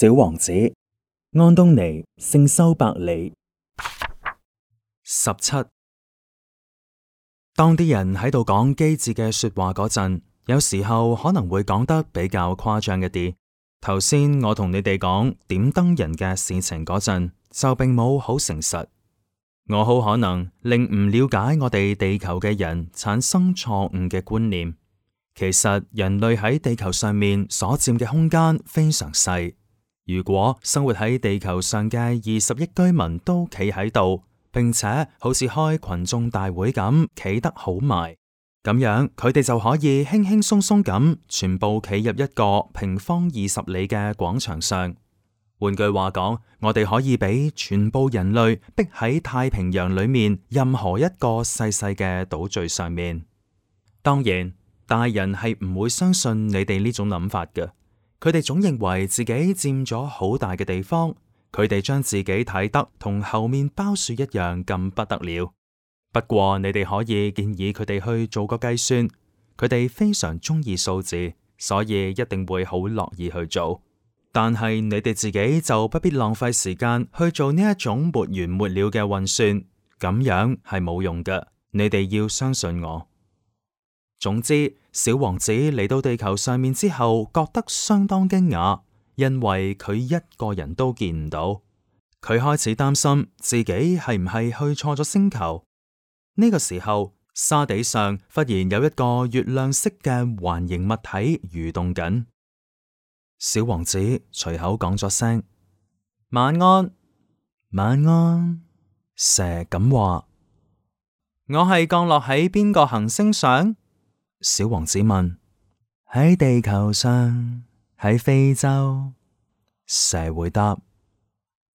小王子，安東尼聖修伯里十七，當啲人喺度講機智嘅說話嗰陣，有時候可能會講得比較誇張一啲。頭先我同你哋講點燈人嘅事情嗰陣，就並冇好誠實。我好可能令唔了解我哋地球嘅人產生錯誤嘅觀念。其實人類喺地球上面所佔嘅空間非常細。如果生活喺地球上嘅二十億居民都企喺度，並且好似開群眾大會咁企得好埋，咁樣佢哋就可以輕輕鬆鬆咁全部企入一個平方二十里嘅廣場上。換句話講，我哋可以俾全部人類逼喺太平洋裏面任何一個細細嘅島嶼上面。當然，大人係唔會相信你哋呢種諗法嘅。佢哋總認為自己佔咗好大嘅地方，佢哋將自己睇得同猴麵包樹一樣咁不得了。不過你哋可以建議佢哋去做個計算，佢哋非常鍾意數字，所以一定會好樂意去做。但係你哋自己就不必浪費時間去做呢一種沒完沒了嘅運算，咁樣係冇用嘅。你哋要相信我。總之。小王子嚟到地球上面之後，覺得相當驚訝，因為佢一個人都見唔到。佢開始擔心自己係唔係去錯咗星球。呢、這個時候，沙地上忽然有一個月亮色嘅環形物體蠕動緊。小王子隨口講咗聲：晚安，晚安。蛇咁話：我係降落喺邊個行星上？小王子問：喺地球上，喺非洲，蛇回答：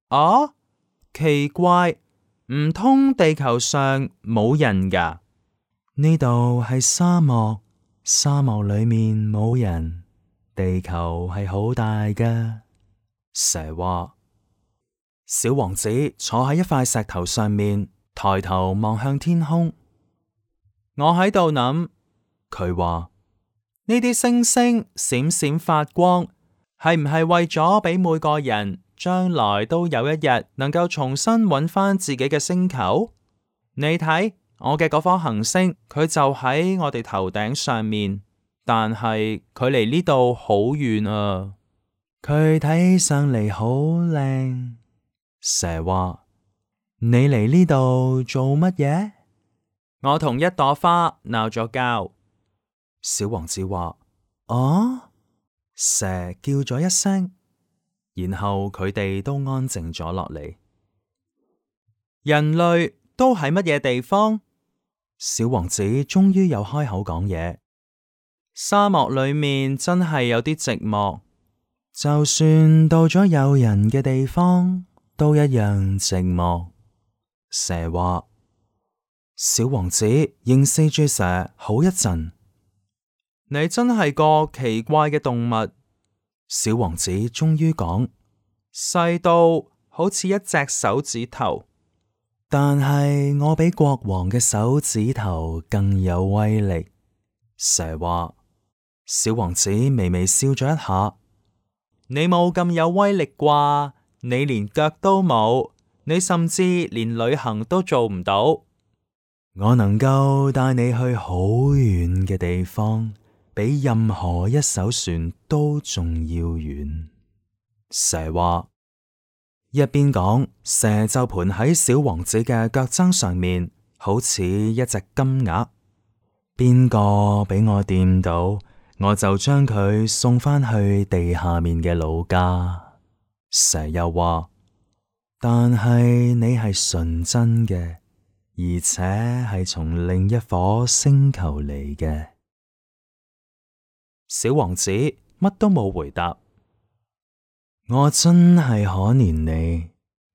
哦、啊，奇怪，唔通地球上冇人㗎？呢度係沙漠，沙漠裏面冇人。地球係好大㗎。蛇話：小王子坐喺一塊石頭上面，抬頭望向天空，我喺度諗。佢話呢啲星星閃,閃閃發光，係唔係為咗俾每個人將來都有一日能夠重新揾翻自己嘅星球？你睇我嘅嗰顆行星，佢就喺我哋頭頂上面，但係佢離呢度好遠啊！佢睇上嚟好靚。蛇話：你嚟呢度做乜嘢？我同一朵花鬧咗交。小王子話：，哦、啊，蛇叫咗一聲，然後佢哋都安靜咗落嚟。人類都喺乜嘢地方？小王子終於有開口講嘢。沙漠裏面真係有啲寂寞，就算到咗有人嘅地方，都一樣寂寞。蛇話：，小王子凝視住蛇好一陣。你真係個奇怪嘅動物。小王子終於講。細到好似一隻手指頭，但係我比國王嘅手指頭更有威力。蛇話。小王子微微笑咗一下，你冇咁有威力啩？你連腳都冇，你甚至連旅行都做唔到。我能夠帶你去好遠嘅地方。比任何一艘船都仲要遠。蛇話，一邊講，蛇就盤喺小王子嘅腳踭上面，好似一隻金鴨。邊個俾我掂到，我就將佢送返去地下面嘅老家。蛇又話：但係你係純真嘅，而且係從另一顆星球嚟嘅。小王子乜都冇回答。我真係可憐你，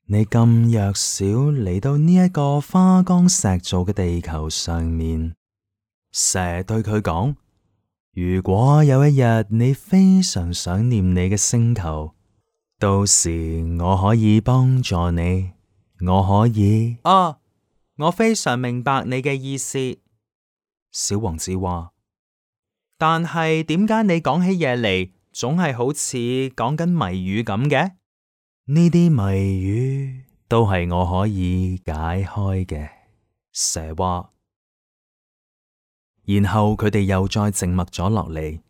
你咁弱小，嚟到呢一個花崗石造嘅地球上面。蛇對佢講：如果有一日你非常想念你嘅星球，到時我可以幫助你。我可以啊、哦，我非常明白你嘅意思。小王子話。但係點解你講起嘢嚟，總係好似講緊謎語咁嘅？呢啲謎語都係我可以解開嘅。蛇話。然後佢哋又再靜默咗落嚟。